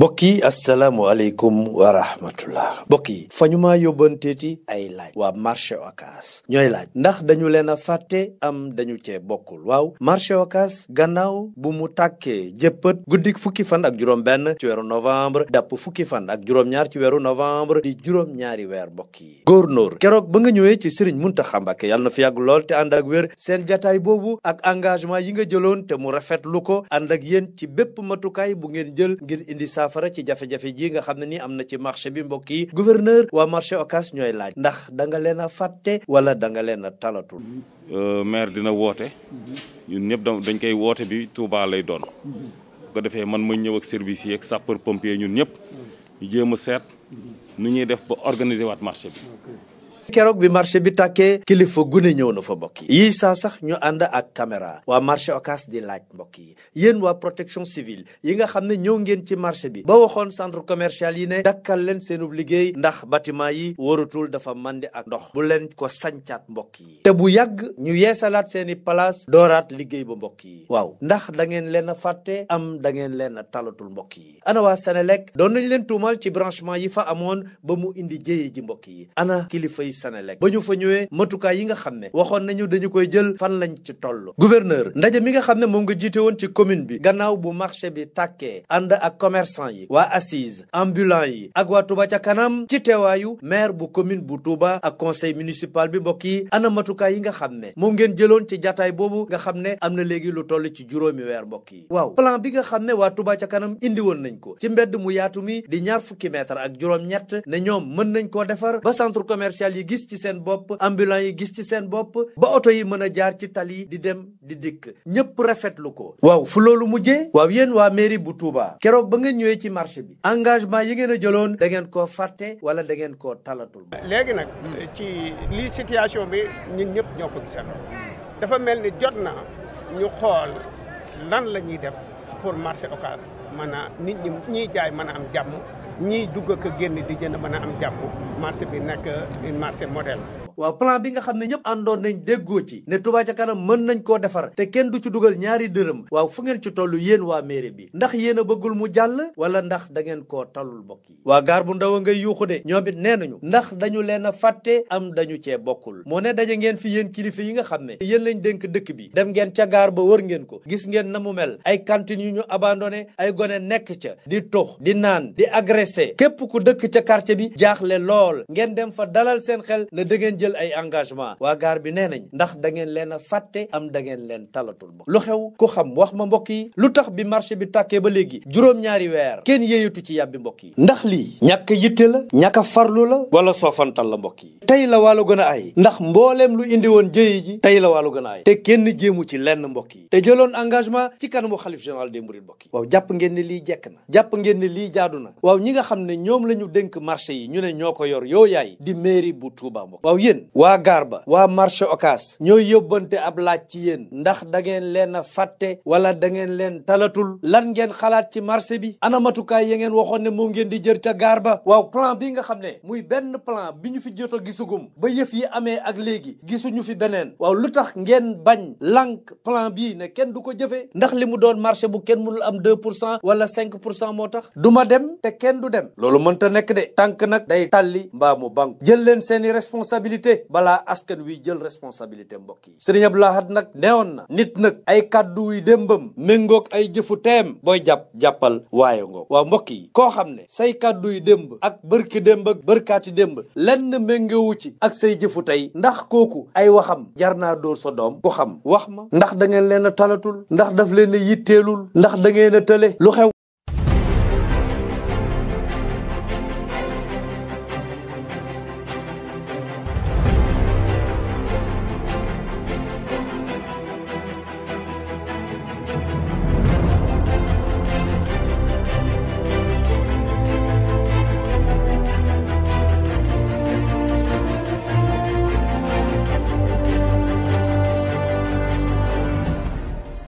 mbokk yi asalaamualeykum wa rahmatullah mbokk yi fa ñu maa yóbbanteeti ay laaj waa marché Ocass ñooy laaj ndax dañu leen a fàtte am dañu cee bokkul waaw marché Ocass gannaaw bu mu tàkkee jëppët guddik fukki fan ak juróom benn ci weeru novembre dàpp fukki fan ak juróom-ñaar ci weeru novembre di juróom-ñaari weer mbokk yi góornóor keroog ba nga ñëwee ci sëriñ Muntaxa Mbàkke yàlla na fi yàgg lool te ànd ak wér seen jataay boobu ak engagement yi nga jëloon te mu rafetlu ko ànd ak yéen ci bépp matukaay bu ngeen jël saafara ci jafe-jafe ji nga xam ne ni am na ci marché bi mbokk yi gouverneur waa o Ocass ñooy laaj ndax danga nga leen a fàtte wala danga nga leen a talatul euh, maire dina woote ñun ñëpp dañ koy woote bi Touba lay doon bu defee man ma ñëw ak service yi ak sapeur pompier ñun ñëpp ñu jéem a seet nu ñuy def ba organiser waat marché bi keroog bi marché bi tàkkee kilifa gune ñëw na fa mbokk yi yii saa sax ñu ànd ak caméra waa marché Ocass di laaj mbokk yi yéen waa protection civile yi nga xam ne ñëw ngeen ci marché bi ba waxoon centre commercial yi ne dakkal leen seenub liggéey ndax bâtiment yi waratul dafa mandi ak ndox bu leen ko sancaat mbokk yi te bu yàgg ñu yeesalaat seeni place dooraat liggéey ba mbokk yi waaw ndax da ngeen leen a fàtte am da ngeen leen a talatul mbokk yi ana waa Senelec doon nañ leen tuumal ci branchement yi fa amoon ba mu indi jéye ji mbokk yi ana kilifa Senelec ba ñu fa ñëwee matukaay yi nga xam ne waxoon nañu dañu koy jël fan lañ ci toll gouverneur ndaje mi nga xam ne moom nga jiite woon ci commune bi gannaaw bu marché bi tàkkee ànd ak commerçant yi waa assise ambulant yi ak waa Touba ca kanam ci teewaayu maire bu commune bu Touba ak conseil municipal bi mbokk yi ana matukaay yi nga xam ne moom ngeen jëloon ci jataay boobu nga xam ne am na léegi lu toll ci juróomi weer mbokk yi waaw plan bi nga xam ne waa Touba ca kanam indi woon nañ ko ci mbedd mu yaatu mi di ñaar fukki mètre ak juróom ñett mën nañ koo yi gis ci seen bopp ambulants yi gis ci seen bopp ba oto yi mën a jaar ci tali di dem di dikk ñëpp rafetlu ko waaw fu loolu mujjee waaw yéen waa mairie bu Touba keroog ba nga ñëwee ci marché bi engagement yi ngeen a jëloon da ngeen koo fàtte wala da ngeen koo talatul. léegi nag ci li situation bi ñu ñëpp ñoo ko gisal dafa mel ni jot na ñu xool lan la ñuy def pour marché Ocass mën a nit ñi ñiy jaay mën a am jàmm. ñiy dugg ak génn di jënd mën a am jàmm marché bi nekk une model waaw plan bi nga xam ne ñëpp àndoon nañ déggoo ci ne Touba ca kanam mën nañ koo defar te kenn du ci dugal ñaari dërëm waaw fu ngeen ci toll yéen waa mairie bi ndax yéen a bëggul mu jàll wala ndax da ngeen koo talul bokk yi waa gaar bu ndaw a ngay yuuxu de ñoom it nee nañu ndax dañu leen a fàtte am dañu cee bokkul moo ne daje ngeen fi yéen kilifa yi nga xam ne yéen lañ dénk dëkk bi dem ngeen ca gaar ba wër ngeen ko gis ngeen na mu mel ay cantines yu ñu abandonné ay gone nekk ca di tux di naan di agressé képp ku dëkk ca quartier bi jaaxle lool jël ay engagement waa gaar bi nee nañ ndax da ngeen leen a fàtte am da ngeen leen talatul bokk lu xew ku xam wax ma mbokk yi lu tax bi marché bi tàkkee ba léegi juróom-ñaari weer kenn yéeyatu ci yàbbi mbokk yi ndax lii ñàkk yitte la ñàkk a farlu la wala soofantal la mbokk yi tey la wàllu gën a ay ndax mbooleem lu indi woon jëye ji tey la wàllu gën a ay te kenn jéemu ci lenn mbokk yi te jëloon engagement ci kanamu xalif général des mourides mbokki yi waaw jàpp ngeen ne lii jekk na jàpp ngeen ne lii jaadu na waaw ñi nga xam ne ñoom la ñu dénk marché yi ñu ne ñoo ko yor yoo yaay di mairie yéen waa Garba waa marché Ocass ñoo yóbbante ab laaj ci yéen ndax da ngeen leen a fàtte wala da ngeen leen talatul lan ngeen xalaat ci marché bi anamatukaay ya ngeen waxoon ne moom ngeen di jër ca Garba waaw plan bi nga xam ne muy benn plan bi ñu fi jot a gisugum ba yëf yi amee ak léegi gisuñu fi beneen waaw lu tax ngeen bañ lànk plan bii ne kenn du ko jëfee ndax li mu doon marché bu kenn mënul am 2 pour cent wala cinq pour cent moo tax duma dem te kenn du dem loolu mënta nekk de tànk nag day tàlli sécurité balaa askan wi jël responsabilité mbokk yi sëriñ nag neewoon na nit nag ay kàddu yu démbam méngoog ay jëfu teem booy jàpp jàppal waaye ngoog waaw mbokk yi koo xam ne say kàddu yu démb ak bërki démb ak bërkaati démb lenn méngowu ci ak say jëfu tey ndax kooku ay waxam jar naa dóor sa doom ko xam wax ma ndax da ngeen leen a talatul ndax daf leen yitteelul ndax da ngeen a tële lu xew